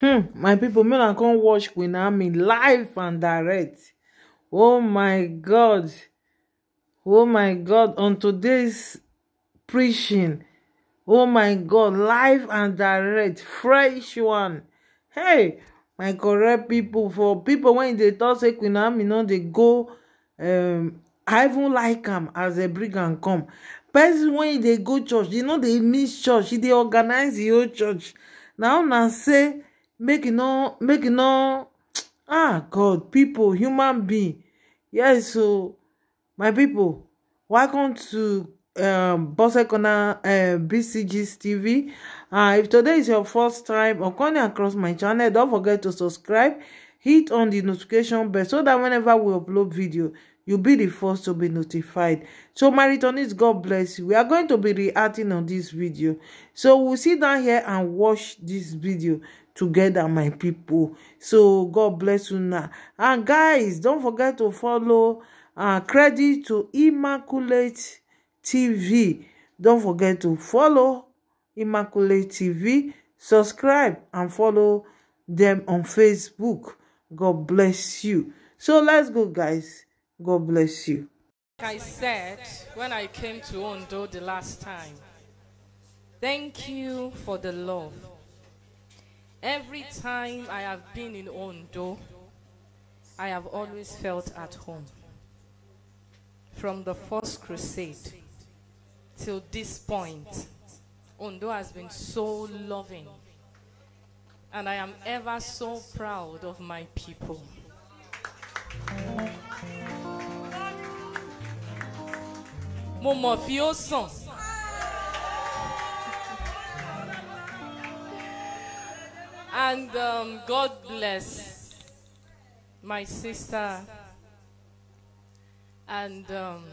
um my people, make I can't watch queen Ami live and direct oh my god oh my god on today's preaching oh my god live and direct fresh one hey my correct people. for people, when they talk say queen naomi know they go um i even like am as a bring and come person when they go church you know they miss church They organize your church Now una say make e no make e no ah god People, human being yes So, my people, welcome to um corner uh, eh, bcgs tv uh, ah, if today is your first time or coming across my channel don't forget to subscribe hit on the notification bell so that whenever we upload video you'll be the first to be notified so my returnees god bless you we are going to be reacting on this video so we sit down here and watch this video together my people so god bless you now and ah, guys don't forget to follow uh, credit to immaculate tv don't forget to follow immaculate tv subscribe and follow them on facebook god bless you so let's go guys god bless you like i said when i came to ondo the last time thank you for the love Every time I have been in Ondo, I have always felt at home. From the first crusade till this point, Ondo has been so loving. And I am ever so proud of my people. Mo mọ̀ fi ó sàn. And um, God bless my sister. And um,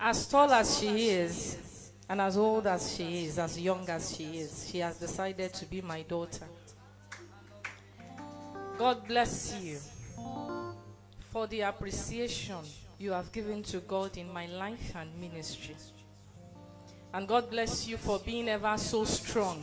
as tall as she is, and as old as she is, as young as she is, she has decided to be my daughter. God bless you for the appreciation you have given to God in my life and ministry. And God bless you for being ever so strong.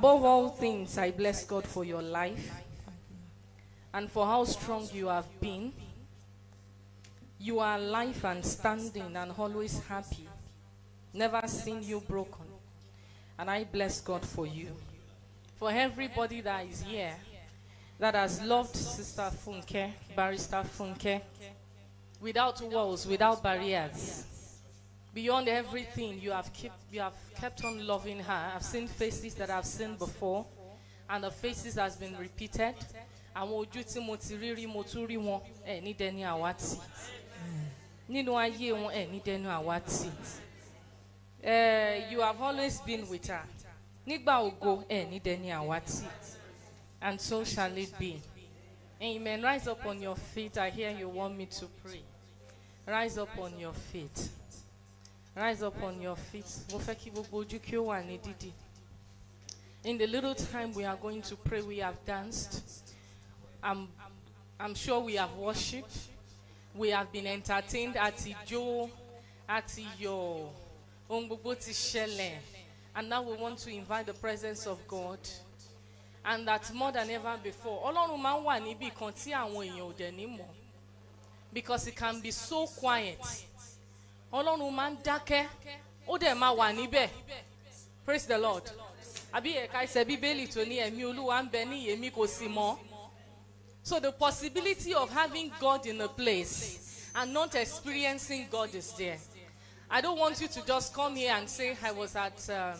Above all things, I bless God for your life and for how strong you have been. You are alive and standing and always happy. Never seen you broken. And I bless God for you. For everybody that is here that has loved Sister Funke, Barrister Funke, without walls, without barriers. Beyond everything, you have, keep, you have kept on loving her. I've seen faces that I've seen before, and the faces has been repeated. Àwọn ojú tí mo ti rí rí mo tún rí wọn ẹ̀ ní dẹni àwa Nínú ayé wọn ẹ̀ ní dẹnu àwa You have always been with her. Nígbà ògo ẹ̀ ní dẹni àwa And so shall it be. Amen. Rise up on your feet. I hear you want me to pray. Rise up on your feet. Rise up on your feet. In the little time we are going to pray, we have danced. I'm, I'm sure we have worshipped. We have been entertained at Ijo, at Iyo, Ongbogbo And now we want to invite the presence of God. And that more than ever before. Ọlọ́run máa wà níbi kan tí àwọn èèyàn ò Because it can be so quiet ọlọ́run máa ndake dákẹ́ ó dẹ̀ máa wà níbẹ̀ praise the lord àbí ẹ̀ka ẹsẹ̀ bíbélì tó ní ẹ̀mí olúwa ní èmi kò sì mọ́ so the possibility of having God in a place and not experiencing God is there I don't want you to just come here and say I was at um,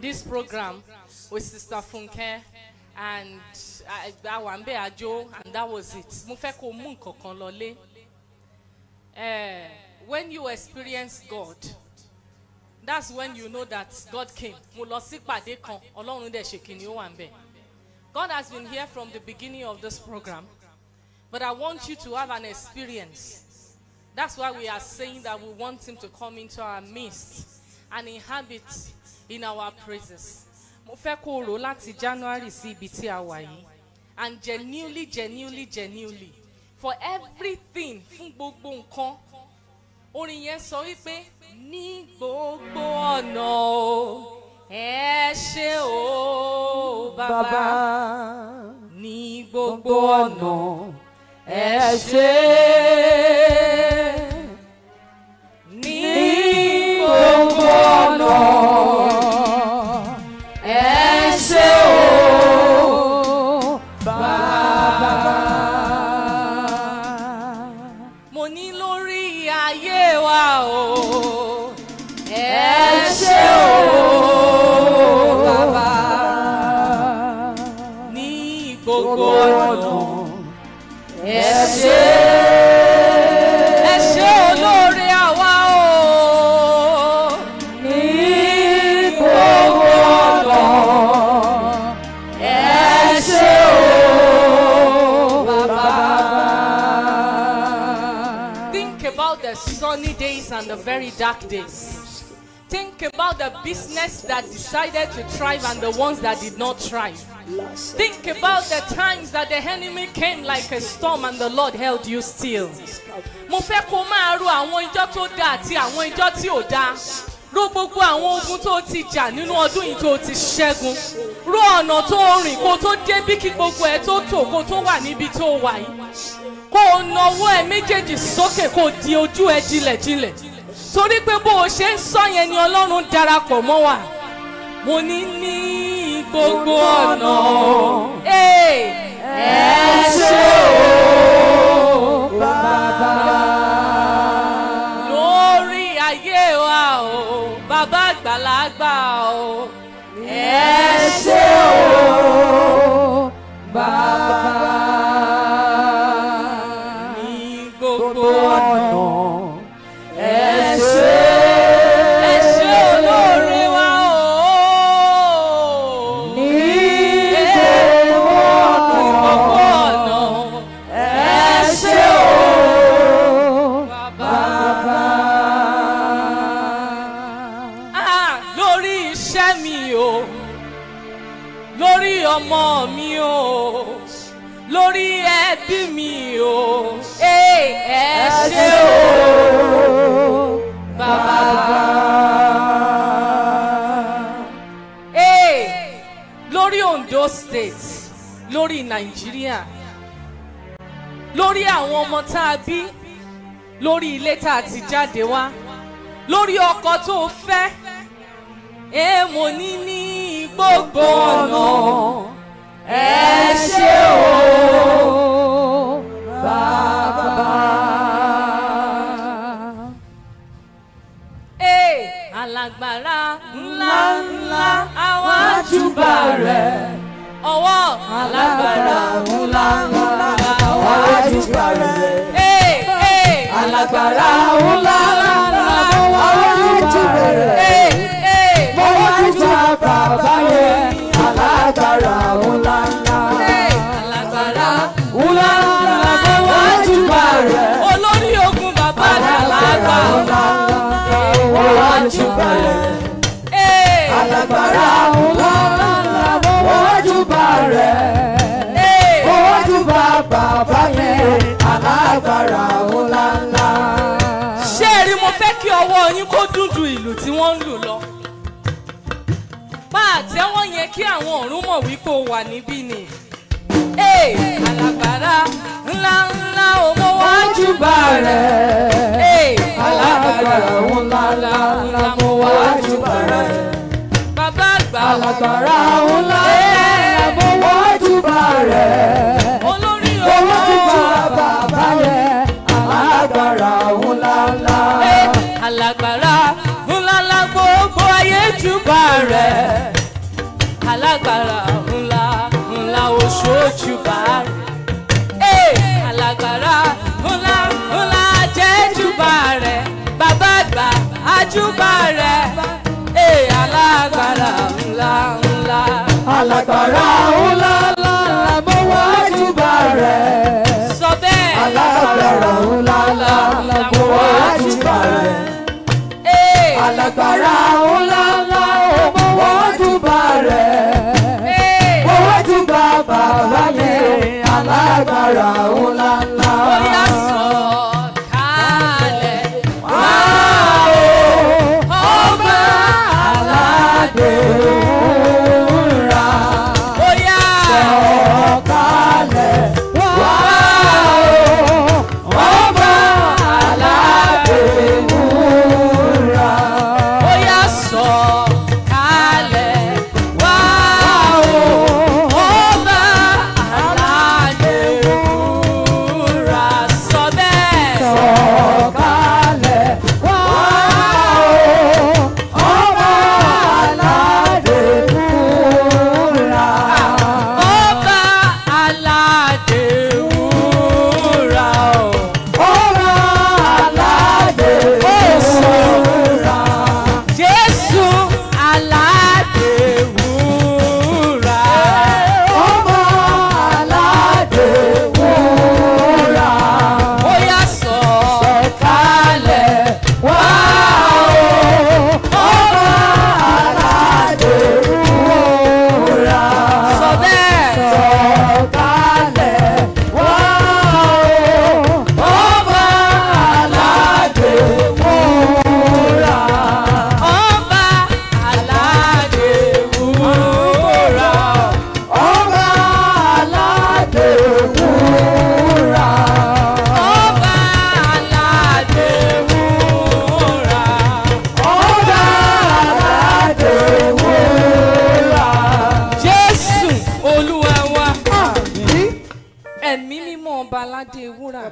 this program with Sister Funke and àwọn àbẹ̀ àjò and that was it mo fẹ́ kó mú nǹkan kan lọ lé. Eh, when you experience God, that's when you know that God came. God has been here from the beginning of this program, but I want you to have an experience. That's why we are saying that we want Him to come into our midst and inhabit in our praises. January And genuinely, genuinely, genuinely, for everything, orin yẹn sọ wípé ní gbogbo ọ̀nà o ẹ ṣé o bàbá ní gbogbo ọ̀nà ẹ ṣé. ní gbogbo ọ̀nà. gbọ́dọ̀ ẹ Think about the sunny days and the very dark days. Think about the business that decided to thrive and the ones that did not thrive. Think about the times that the enemy came like a storm and the Lord held you still. Mo fẹ́ kó máa ro àwọn ijọ́ tó dáa àti àwọn ijọ́ tí ò dáa. Rò gbogbo àwọn ogun tó ti jà nínú ọdún yìí tó ti ṣẹ́gun. Rò ọ̀nà tó rìn kó tó débí kí gbogbo ẹ̀ tó tò kó tó wà níbi tó wà yìí. Kó o nawọ́ ẹ méjèèjì sókè kó o di ojú ẹ jinlẹ̀jinlẹ̀. Torí pé bó o ṣe ń sọ yẹn ni Ọlọ́run darapọ̀ mọ́ wa mo ní ní gbogbo ọ̀nà ẹ ṣé o bàbá. lórí ayé wa o bàbá àgbàlagbà o ẹ ṣé o. lórí nàìjíríà lórí àwọn ọmọ tá a bí lórí ilé tá a ti jáde wá lórí ọkọ tó fẹ́ ẹ mo ní ní gbogbo ọ̀nà ẹ ṣé o bàbá. alágbára ńlá ńlá àwa júbà rẹ̀ ọwọ́ alágbára ńlá ńlá àwa dúpẹ́ rẹ̀ alágbára ńlá ńlá àwa dúpẹ́ rẹ̀ mo wá dúpẹ́ bàbá yẹn alágbára ńlá ńlá alágbára ńlá ńlá àwa dúpẹ́ rẹ̀ olórí ogun bàbá alágbára ńlá ńlá àwa dúpẹ́ rẹ̀ alágbára ńlá. ń lù lọ bá àtẹ́wọ́ yẹn kí àwọn ọ̀run mọ̀ wípé o wà níbí ni alágbára ńlá ńlá o mo wá júbà rẹ̀ alágbára ńlá ńlá mo wá júbà rẹ̀ bàbá àgbà alágbára ńlá ńlá mo wá júbà rẹ̀. rẹ̀ alágbára ńlá ńlá oṣooṣù bá rẹ̀ alágbára ńlá ńlá jẹ́júbà rẹ̀ bàbá àgbà àjúbà rẹ̀ alágbára ńlá ńlá alágbára ńlá.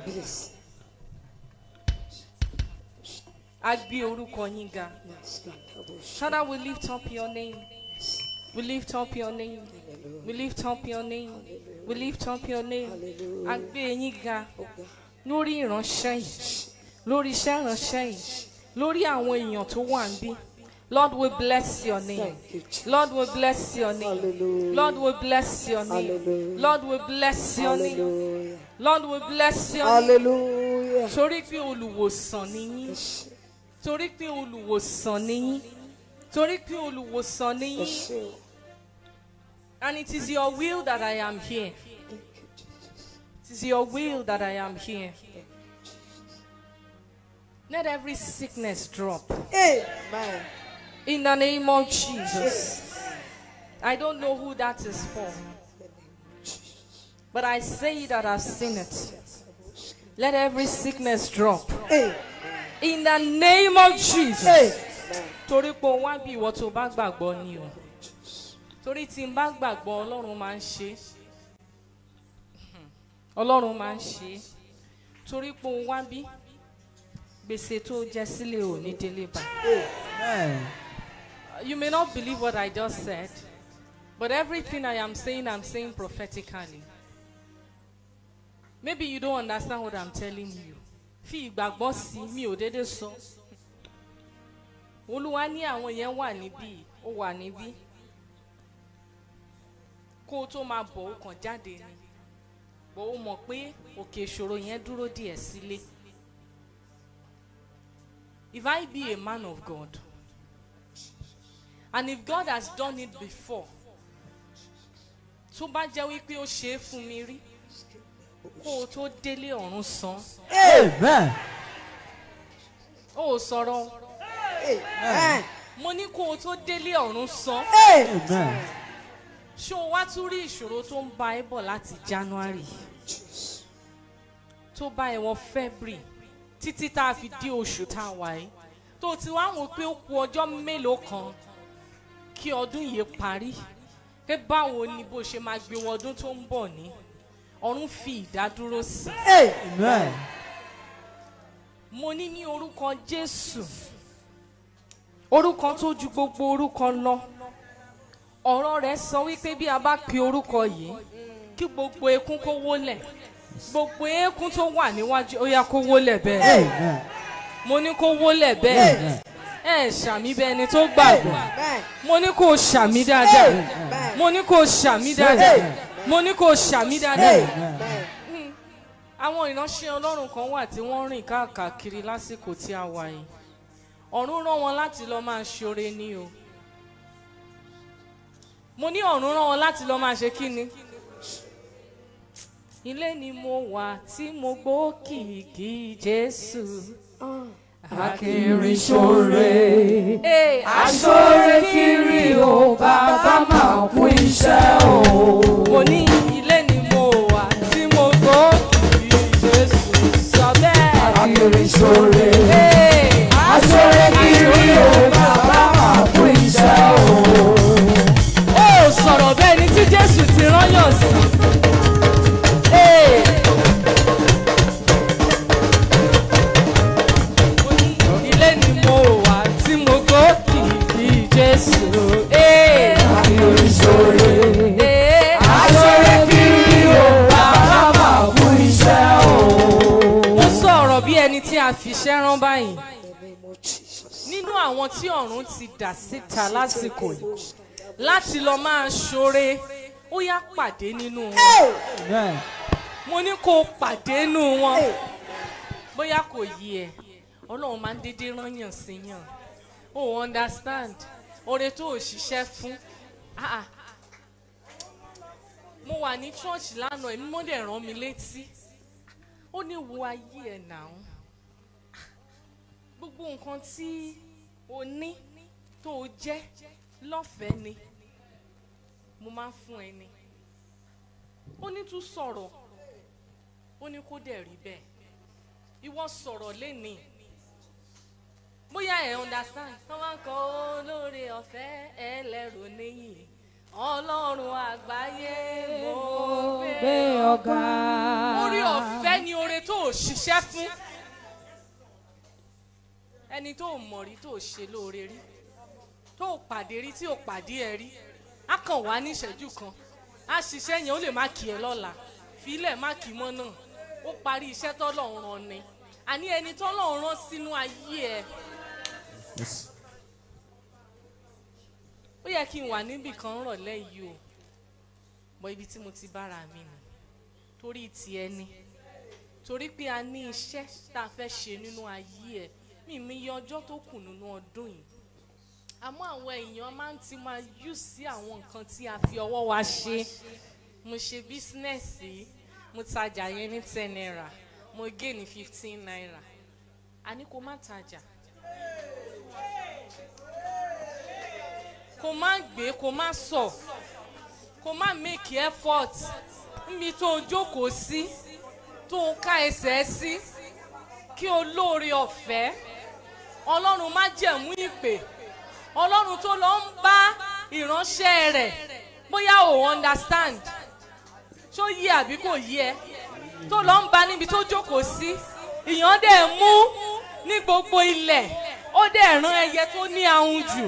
place. I be orúkọ yín ga. Father, we lift up your name. We lift up your name. We lift up your name. We lift up your name. A gbé yín ga lórí ìránṣẹ́ yìí, lórí iṣẹ́ ìránṣẹ́ yìí, lórí àwọn èèyàn tó wà níbí. Lord, we bless your name. Lord, we bless your name. Lord, we bless your name. Lord, we bless your name. Lord, we bless your name. Torí pé olùwòsàn ni yín. Torí pé olùwòsàn ni yín. Torí pé olùwòsàn ni yín. And it is your will that I am here. It is your will that I am here. Let every sickness drop. Amen. In the name of Jesus. I don't know who that is for. But I say that I've seen it. Let every sickness drop. In the name of Jesus. Torí pé òun wá bí ìwọ tó bá gbàgbọ́ ni o. Torí tí n bá gbàgbọ́ Ọlọ́run máa ń ṣe. Ọlọ́run máa ń ṣe. Torí pé òun wá bí gbèsè tó jẹ sílé ò ní délé bá. Uh, you may not believe what I just said, but everything I am saying, I'm saying prophetically. Maybe you don't understand what I'm telling you. Feedback, ìgbàgbọ́ sí mi ò dédé sọ. Olúwa ní àwọn yẹn wà níbí, ó wà níbí. Kó o tó máa bọ̀ ó kàn jáde ni. Bọ̀ ó nibi to maa òkè ìṣòro yẹn dúró isoro If I be a man of God, and if God has done it before tó bá jẹ́ wípé ó ṣe é fún mi rí kó o tó délé ọ̀run san. amen. ó sọ̀rọ̀. amen. mo ní kó o tó délé ọ̀run san. amen. ṣé o wá tún rí ìṣòro tó ń ba ẹ bọ̀ láti January tó bá ẹ wọ February títí tá a fi dé oṣù tá a wà yìí tó ti wá wò pé ó kù ọjọ́ mélòó kan kí ọdún yìí parí pé báwo ni bó ṣe máa gbé wọ ọdún tó ń bọ̀ ní ọ̀run fi ìdádúró sí. mo ní ní orúkọ Jésù orúkọ tó ju gbogbo orúkọ lọ ọ̀rọ̀ rẹ̀ sọ wípé bí a bá pe orúkọ yìí kí gbogbo ekún kó wólẹ̀ gbogbo eékún tó wà níwájú ó yá kó wólẹ̀ bẹ́ẹ̀ mo ní kó wólẹ̀ bẹ́ẹ̀ ẹ ṣàmì bẹ ẹni tó gbàgbọ́ mo ní kó ṣàmì dáadáa mo ní kó ṣàmì dáadáa mo ní kó ṣàmì dáadáa àwọn ìránṣẹ́ ọlọ́run kan wà tí wọ́n rìn káàkiri lásìkò tí a wà yìí ọ̀run rán wọn láti lọ máa ṣoore ní o mo ní ọ̀run rán wọn láti lọ máa ṣe kí ni ilé ni mo wà tí mo gbọ́ Jésù. Akiri ṣore, aṣore kiri o, bàbá máa kú iṣẹ́ o. Mo ní ilé ni mo wà tí mo gbọ́ kiri Jésù sọ bẹ́ẹ̀. Akiri ṣore. tí ọ̀run ti dà síta lásìkò yìí láti lọ máa ṣoore ó yá pàdé nínú wọn mo ní kó o pàdé nínú wọn bóyá kò yí ẹ ọlọ́run máa ń dédé rányàn sí yàn o understand oore tó o ṣiṣẹ́ fún mo wà ní church lánàá èmi mọ́ dẹ̀ rán mi létí ó ní wo ayé ẹ̀ nàá ah, gbogbo nǹkan tí o ní tó o jẹ́ lọ́fẹ̀ẹ́ ni mo máa ń fún ẹ ni ó ní tún sọ̀rọ̀ ó ní kó dẹ̀ rí bẹ́ẹ̀ ìwọ sọ̀rọ̀ lénìí bóyá ẹ̀ understand tán wá ń kọ olóore ọ̀fẹ́ ẹlẹ́rù níyì ọlọ́run àgbáyé mo gbé ọ̀gá. orí ọ̀fẹ́ ni oore tó o ṣiṣẹ́ fún ẹni tó mọ̀ rí tó ṣe lóore rí tó pàdé rí tí ò pàdé ẹ rí a kàn wá ní ìṣẹ́jú kan a ṣiṣẹ́ yẹn ó lè má kì ẹ lọ́la filẹ̀ má kì mọ́ náà ó parí iṣẹ́ tọ́lọ́run rán ni àní ẹni tọ́lọ́run rán sínú ayé ẹ. ó yẹ kí n wà níbì kan rọ̀lẹ́ yìí o mọ ibi tí mo ti bára mi nù torí ti ẹni torí pé a ní iṣẹ́ tá a fẹ́ ṣe nínú ayé ẹ mi mi yẹ ọjọ́ tó kù nínú ọdún yìí àmọ́ àwọn èèyàn máa ń ti máa yù sí àwọn nǹkan tí a fi ọwọ́ wa ṣe mo ṣe bísínẹ́sì mo tajà yẹn ní ten naira mo gé ní fifteen naira àní kò má tajà kò má gbé kò má sọ kò má make effort níbi tó o jókòó sí tó o ká ẹsẹ̀ sí kí o lóore ọ̀fẹ́ ọlọ́run má jẹ̀mú ìpè ọlọ́run tó lọ ń bá ìránṣẹ́ rẹ̀ bóyá ò understand ṣó yí àbí kò yí ẹ tó lọ ń bá níbi tó jókòó sí ìyàn dẹ̀ mú ní gbogbo ilẹ̀ ó dẹ̀ rán ẹyẹ tó ní ahun jù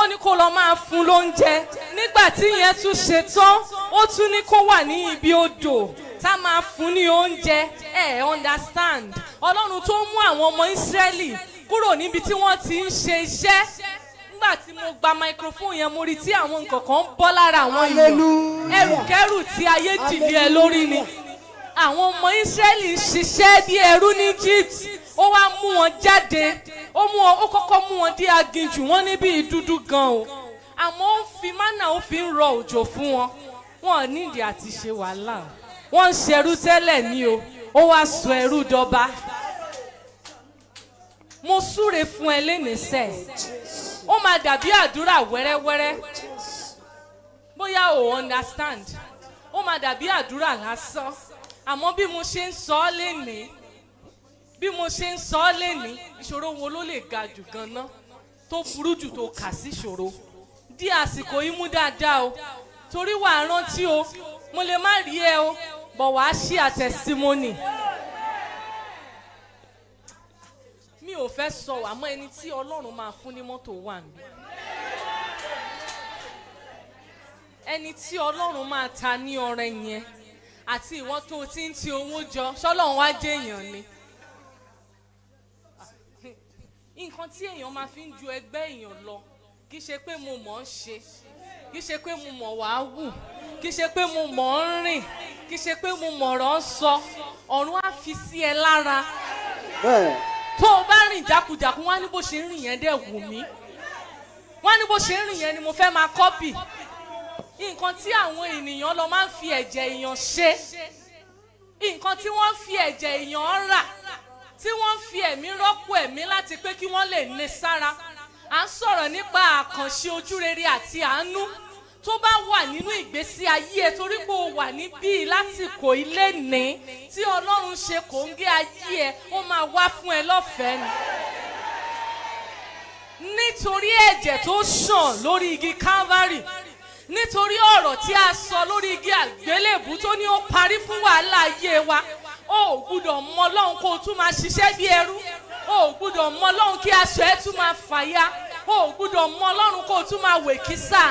ó ní kó lọ máa fún lóúnjẹ nígbà tí ìyẹn tún ṣe ó tún ní kó wà ní ibi odò tá máa fún ní oúnjẹ ẹ understand ọlọ́run tó mú àwọn ọmọ ìsírẹ́lì kúrò níbi tí wọ́n ti ń ṣe iṣẹ́ nígbà tí mo gba microphone yẹn mo rí tí àwọn nǹkan kan ń bọ́ lára àwọn èèyàn ẹrùkẹ́rù tí ayé dìde ẹ lórí ni àwọn ọmọ Ísírẹ́lì ń ṣiṣẹ́ bí ẹrú ní Egypt ó wá mú wọn jáde ó mú ó kọ́kọ́ mú wọn dé aginjù wọn níbi ìdúdú gan o àmọ́ ó fi mánà ó fi ń rọ òjò fún wọn wọn nídìí àti ṣe wàhálà wọ́n ń ṣerú tẹ́lẹ̀ ni o ó wá sọ ẹrú dọba mo súre fún ẹ lénìísẹ ó máa dàbí àdúrà wẹ́rẹ́wẹ́rẹ́ bóyá o understand ó máa dàbí àdúrà lásán àmọ́ bí mo ṣe ń sọ ọ́ lénìí bí mo ṣe ń sọ ọ́ lénìí ìṣòro wo ló lè ga jù ganan tó burú jù tó kà sí ìṣòro di àsìkò yìí mú dáadáa o torí wàá rántí o mo lè má rí ẹ o bọ̀ wá ṣí àtẹ̀símọ́nì. ò fẹ́ sọ àmọ́ ẹni tí Ọlọ́run máa fún ní mọ́tò wà níbí ẹni tí Ọlọ́run máa ta ní ọrẹ yẹn àti ìwọ tó o ti ń ti owó jọ ṣọlọ́run wá jẹ́ èèyàn ni nǹkan tí èèyàn máa fi ń ju ẹgbẹ́ èèyàn lọ kì í ṣe pé mo mọ̀ ń ṣe kì í ṣe pé mo mọ̀ wá wù kì í ṣe pé mo mọ̀ ń rìn kì í ṣe pé mo mọ̀ sọ ọ̀run á fi sí ẹ lára. bẹ́ẹ̀ tó o bá rìn jákujàku wọ́n á ní bó ṣe ń rìn yẹn dẹ̀ wù mí wọ́n ní bó ṣe ń rìn yẹn ni mo fẹ́ máa kọ́pì nǹkan tí àwọn ènìyàn lọ máa ń fi ẹ̀jẹ̀ èèyàn ṣe nǹkan tí wọ́n fi ẹ̀jẹ̀ èèyàn rà tí wọ́n fi ẹ̀mí rọ́pò ẹ̀mí láti pé kí wọ́n lè ní sára à ń sọ̀rọ̀ nípa àkànṣe ojúrere àti àánú tó bá wà nínú ìgbésí ayé ẹ torí pé o wà níbí lásìkò ilé ní tí ọlọ́run ṣe kòńgé ayé ẹ ó máa wá fún ẹ lọ́fẹ̀ẹ́ ni. nítorí ẹ̀jẹ̀ tó ṣàn lórí igi Calvary nítorí ọ̀rọ̀ tí a sọ lórí igi àgbélébù tó ní ó parí fún wàhálà ayé wa ó gbúdọ̀ mọ ọlọ́run kó o tún máa ṣiṣẹ́ bí ẹrú ó gbúdọ̀ mọ ọlọ́run kí aṣọ ẹ tún máa fàya ó gbúdọ̀ mọ ọlọ́run kó o tún máa wèkísà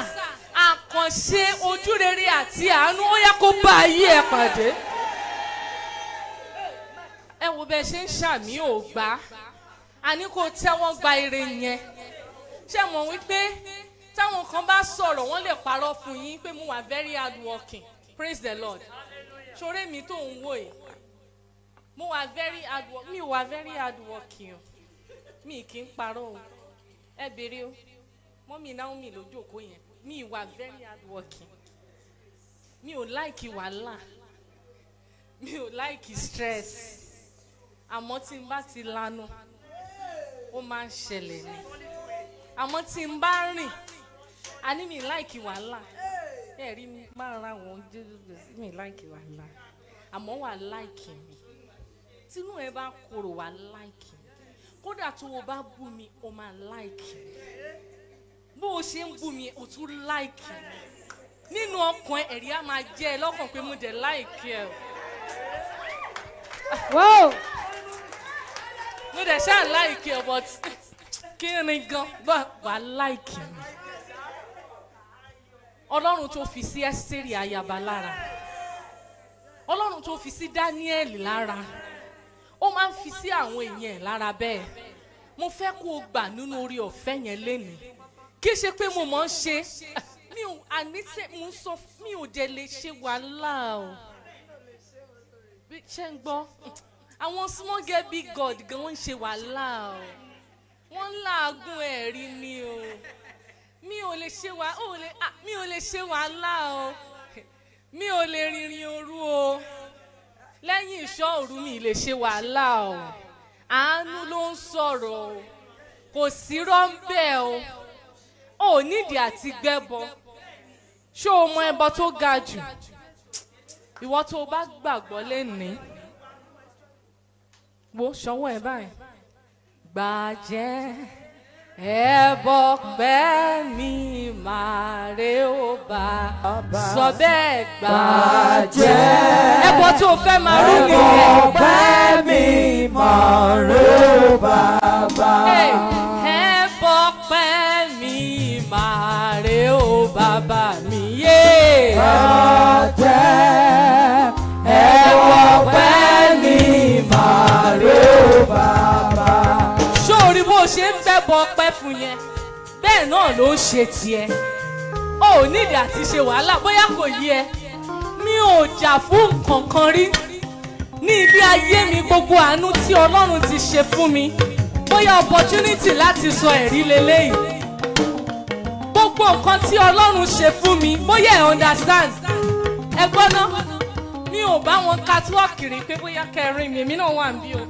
àkànṣe ojú rere àti àánú ó yẹ kó bá ayé ẹ pàdé ẹ wo bẹ ṣe ń ṣàmì ò àní kò tẹ́wọ́n gba ire yẹn ṣé mọ̀ wípé táwọn kan bá sọ̀rọ̀ wọ́n lè parọ́ fún yín pé mo wà very hard working praise the lord ṣoré mi tó ń wò yìí mo wà very hard working mi wà very hard working mi kì í parọ́ ẹ béèrè o mọ́mì Naomi ló jókòó yẹn mi wà very hardworking mi ò like wàhálà mi ò like stress àmọ́ tí n bá ti lanu ó máa ń ṣẹlẹ̀ ni àmọ́ tí n bá rìn a ní mi like wàhálà ẹ rí mi máa ra wọn mi like wàhálà àmọ́ wà like mi tínú ẹ bá korò wà like mi kódà tó o bá bú mi o máa like mi bó o ṣe ń bù mí o tún láìkì nínú ọkàn ẹ̀rí á máa jẹ́ ẹ lọ́kàn pé mo dẹ̀ láìkì ẹ o. mo dẹ̀ ṣáà láìkì ẹ but kí ni gan bá wà láìkì mi ọlọ́run tó fi sí ẹ́sítérì ayaba lára ọlọ́run tó fi sí dáníẹ́lì lára ó máa ń fi sí àwọn èèyàn lára bẹ́ẹ̀ mo fẹ́ kó o gbà nínú orí ọ̀fẹ́ yẹn lénìí kì í ṣe pé mo mọ̀ ń ṣe mi ò àní tẹ mo ń sọ mi ò dẹ̀ lè ṣe wàhálà o ṣe ń gbọ́ àwọn small girl big god gan wọ́n ń ṣe wàhálà o wọ́n ń làágùn ẹ̀rí ni o mi ò lè mi ò lè ṣe wàhálà o mi ò lè rìnrìn òru o lẹ́yìn ìṣọ́ òru mi lè ṣe wàhálà o àánú ló ń sọ̀rọ̀ o kò sí rọ́ńbẹ́ o ò nídìí àti gbẹ́bọ ṣé o mọ ẹbọ tó ga jù ìwọ tó o bá gbàgbọ́ lénìí wo ṣọwọ́ ẹ báyìí gbàjẹ́ ẹbọ pẹ́ mi màrè ó bá sọ bẹ́ẹ̀ gbàjẹ́ ẹbọ tó o fẹ́ máa rú nìyẹn. ẹbọ pẹ́ mi màrè ó bá bá ẹbọ pẹ́ máa rè ó bàbá mi yé. ẹ̀rọ jẹ́ ẹ̀wọ̀ pẹ́ ní máa rè ó bàbá. sóòrí bó ṣe ń fẹ́ bọ ọpẹ́ fún yẹn bẹ́ẹ̀ náà ló ń ṣe tiẹ̀ ó nídìí àti ṣe wàhálà bóyá kò yé ẹ mi ò jà fún nǹkan kan rí ní ilé ayé mi gbogbo àánú tí Ọlọ́run ti ṣe fún mi bóyá opportunity láti sọ ẹ̀rí lélẹ́yìí gbogbo nǹkan tí ọlọ́run ṣe fún mi bóyá ẹ understand ẹ gbọ́ná mi ò bá wọn catwalk rí pé bóyá kẹrin mi èmi náà wà níbí o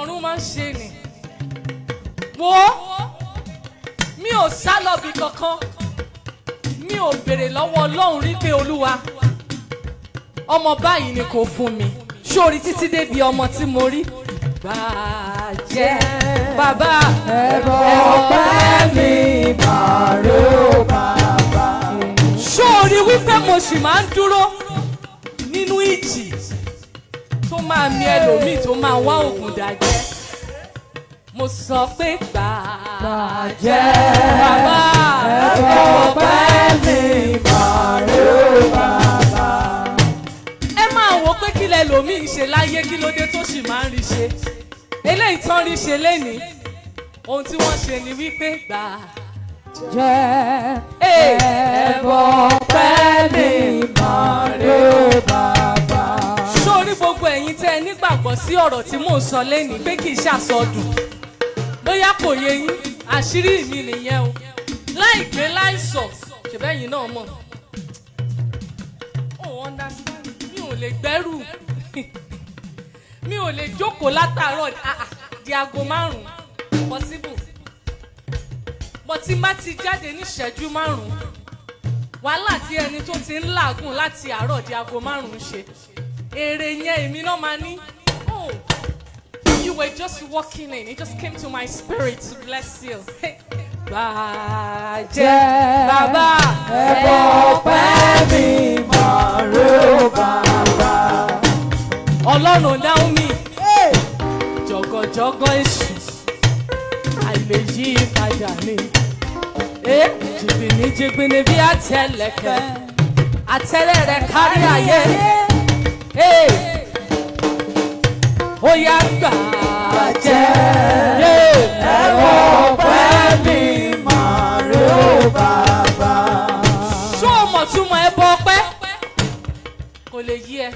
ọ̀run máa ń ṣe nì wo mi ò sá lọ́bì kankan mi ò béèrè lọ́wọ́ ọlọ́run rí pé olúwa ọmọ báyìí ni kò fún mi ṣó rí títí débi ọmọ tí mo rí bàjẹ́. bàbá ẹ̀rọ ọpẹ́ mi bàró bàbá. sóòrí wípé mo sì máa ń dúró nínú ìjì tó máa mi ẹlòmíì tó máa wá òògùn dàjẹ́ mo sọ pé bàjẹ́ bàbá ẹ̀rọ ọpẹ́ mi bàró bàbá ẹlòmíì ṣe láyé kí ló dé tó sì máa ń rí ṣe eléyìí tán rí ṣe lénìí ohun tí wọ́n ṣe ni wípé gbà jẹ́ ẹ̀bọ̀ pẹ́ mi mọ̀rẹ́ bàbá. sórí gbogbo ẹ̀yin tẹ́ ẹ nígbàgbọ́ sí ọ̀rọ̀ tí mò ń sọ lénìí pé kì í ṣàsọdùn bóyá kò yé yín àṣírí mi nìyẹn o láìpẹ́ láìsọ̀ ṣùgbọ́n ẹ̀yin náà mọ̀. ó oh, understand mi ò lè gbẹ́rù. mi ò lè jókòó látàárọ̀ ah, ah, di aago márùn-ún possible bó má ti jáde ní ìṣẹ́jú márùn-ún wàhálà tí ẹni tó ti ń làágùn láti àárọ̀ di aago márùn-ún ṣe èrè yẹn èmi náà máa ní oh, you were just walking in it just came to my spirit to bless you. bàjẹ́ bàbá ẹ̀bọ̀ pẹ́ mi mọ̀ ló ọlọ́run dáhùn mi jọ̀gọ̀jọ̀gọ̀ èṣù àìlè yí padà ni jìbìnì jìbìnì bí àtẹlẹkẹ àtẹlẹ rẹ kárí ayé ó yá gbà á jẹ́ ẹ̀rọ ọ̀pẹ́ mi máa rí ó bàbá. ṣó o mọ̀ túmọ̀ ẹ bọ ọpẹ́ kò lè yí ẹ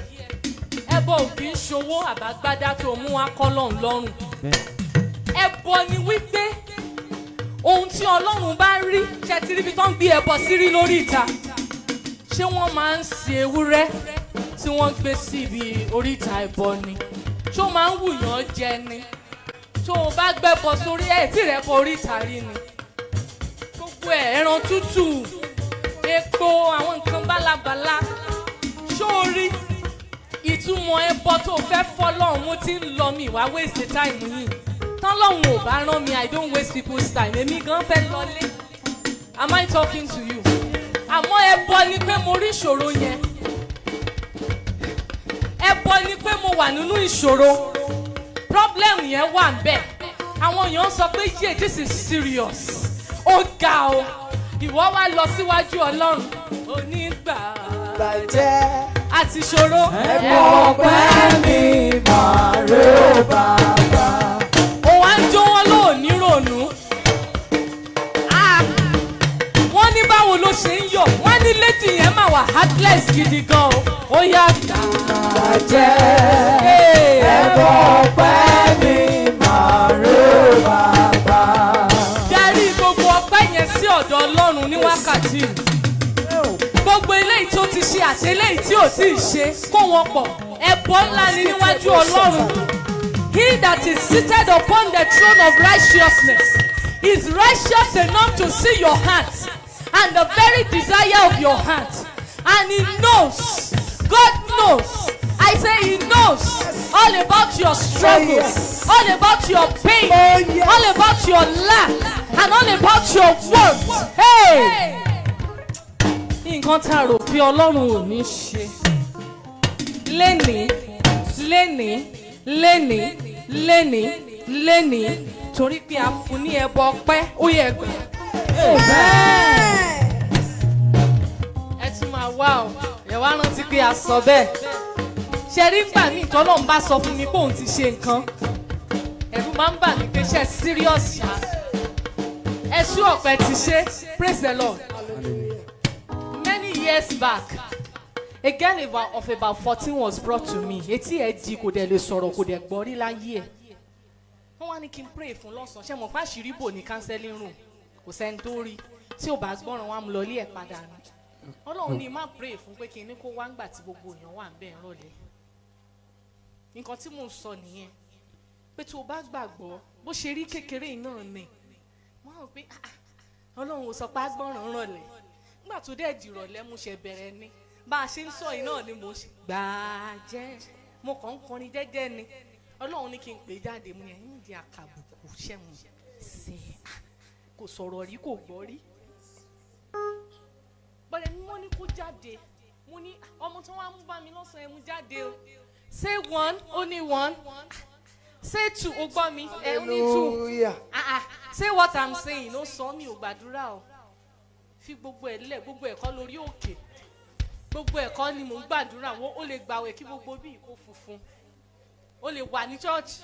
ẹbọ ò kì í ṣowó àbágbádá tó mú akọ́lọ́n lọ́rùn ẹbọ ni wípé ohun tí ọlọ́run bá rí ṣe ti ríbi tó ń gbé ẹbọ sí rí lórí ìta ṣé wọ́n máa ń sin ewúrẹ́ tí wọ́n gbé sí oríta ẹbọ ni ṣó máa ń wùyàn jẹ ni tó o bá gbẹ́bọ sórí ẹ̀ tí rẹ̀ bọ oríta rí ni gbogbo ẹ̀ ẹran tútù epo àwọn nǹkan bálabàla ṣó o rí ìtumọ̀ ẹbọ tó fẹ́ fọ́ lọ́hùn ti ń lọ mi wá waste time yìí tán lọ́hùn ò bá rán mi i don't waste people's time èmi gan fẹ́ lọlé am i talking to you àmọ́ ẹbọ ni pé mo rí ìṣòro yẹn ẹbọ ni pé mo wà nínú ìṣòro problem yẹn wà ń bẹ̀ àwọn èèyàn sọ pé yé this is serious ó ga o ìwọ wa lọ síwájú ọlọ́run onígbà bàjẹ́ àti ṣòro. ẹ̀bùn ọpẹ́ mi máa rè ó bàbá. ó wá ń jó wọn lóò ní rònú. wọ́n ní báwo ló ṣe ń yọ̀ wọ́n ní lady yẹn máa wà heartless gidi gan o ó yá. àjẹ́ ẹ̀bùn ọpẹ́ mi máa rè ó bàbá. darí gbogbo ọpẹ́ yẹn sí ọ̀dọ̀ Ọlọ́run ní wákàtí yìí ṣe àtẹlẹ́yìn tí ò tí ì ṣe kó wọn pọ̀ ẹbọ ńlá ni níwájú Ọlọ́run he that is seated upon the throne of righteousness is righteous enough to see your heart and the very desire of your heart and he knows God knows I say he knows all about your struggles all about your pain all about your lack and all about your want. Hey! nǹkan tá a rò pé ọlọ́run ò ní ṣe lénìí lénìí lénìí lénìí lénìí torí pé a fún ní ẹbọ ọpẹ́ ó yẹ gbà. ẹ tún máa wá ọ ẹ wá rántí pé a sọ bẹ́ẹ̀ ṣe rí ń gbà ní ìtọ́lọ́run bá sọ fún mi pé òun ti ṣe nǹkan ẹ̀rù máa ń bà mí pé ṣe serious ṣá ẹ̀ṣú ọ̀pẹ ti ṣe praise the Lord years back a girl of about fourteen was brought to me etí ẹ̀ di kò dẹ̀ lè sọ̀rọ̀ kò dẹ̀ gbọ́ rí láyé ẹ̀ wọ́n wá ní kí n pray fún lọ́sàn-án ṣé mo pa àṣírí bò ní counseling room kò sẹ́ni tó rí tí ò bá gbọ́ràn wá mu lọ ilé ẹ̀ padà ni ọlọ́run ní má pray fún pé kí n ní kó wá ń gbà tí gbogbo èèyàn wà ń bẹ̀ ń rọ̀lẹ́ nǹkan tí mò ń sọ nìyẹn pé tó o bá gbàgbọ́ bó ṣe rí kékeré yìí ni wọ́n rò pé ah, ah, ọlọ́run ò sọ pé á gbọ́ràn nígbà tó dẹ̀ di ìrọ̀lẹ́ mo ṣe bẹ̀rẹ̀ ni bá a ṣe ń sọ yìí náà ni mo ṣe gbàjẹ́ mo kàn ń kọrin jẹ́jẹ́ ni ọlọ́run ní kí n pè jáde mu yẹn nídìí àkàbùkù ṣẹ́mu sí i kò sọ̀rọ̀ rí kò gbọ́ rí bọ́dẹ̀ ni wọ́n ní kó jáde mo ní ọmọ tí wọ́n á mú bá mi lọ́sàn-án ẹ̀ mú jáde o say one only one say two ó gbọ́ mi ẹ̀ ó ní two say what i'm saying ló sọ mi ò gbàdúrà o fi gbogbo ẹ̀ lẹ̀ gbogbo ẹ̀kọ́ lórí òkè gbogbo ẹ̀kọ́ ni mò ń gbàdúrà wọn ó lè gbàwẹ̀ kí gbogbo bí ìkó funfun ó lè wà ní chọ́ọ̀chì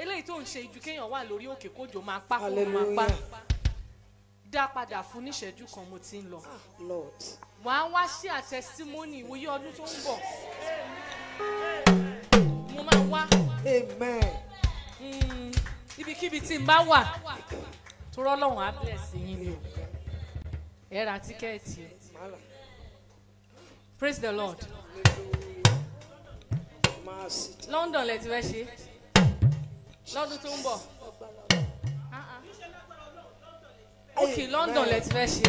eléyìí tó ń ṣe ju kéèyàn wà lórí òkè kójò máa pa kó máa pa dá padà fún níṣẹ́jú kan mo ti ń lọ ah, wọ́n á wá sí àtẹsímọ́nì ìwòye ọdún tó ń bọ̀ mo máa wá hmm, ibikíbi tí n bá wà tó rọ́ lọ́hùn á bẹ̀rẹ̀ sí yín ni o ẹ ra tíkẹ́ẹ̀tì praise the lord london lẹ ti fẹ́ ṣe lọ́dún tó ń bọ̀ uh-uh. ok london lẹ ti fẹ́ ṣe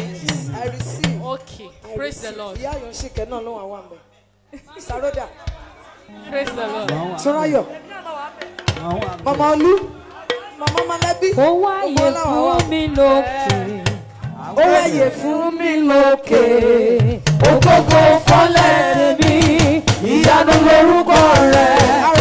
ok praise the lord ìyá àyàn ṣìkẹ́ náà ló wà wà mẹ́ saroda praise the lord sọ́ráyọ̀ mama olú mama malabi ó wáyé fún mi lókè ó ráyè fún mi lókè ògógó fọ́lẹ̀ mi ìyanu lórúkọ rẹ̀.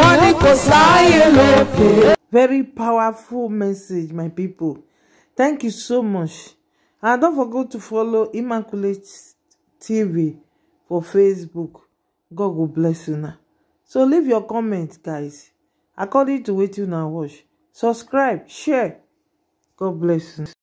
wọ́n kò sáàyè lókè. very powerful message my people thank you so much and don't forget to follow Immaculate TV for Facebook God go bless una so leave your comment guys according to wetin una watch subscribe share God bless una.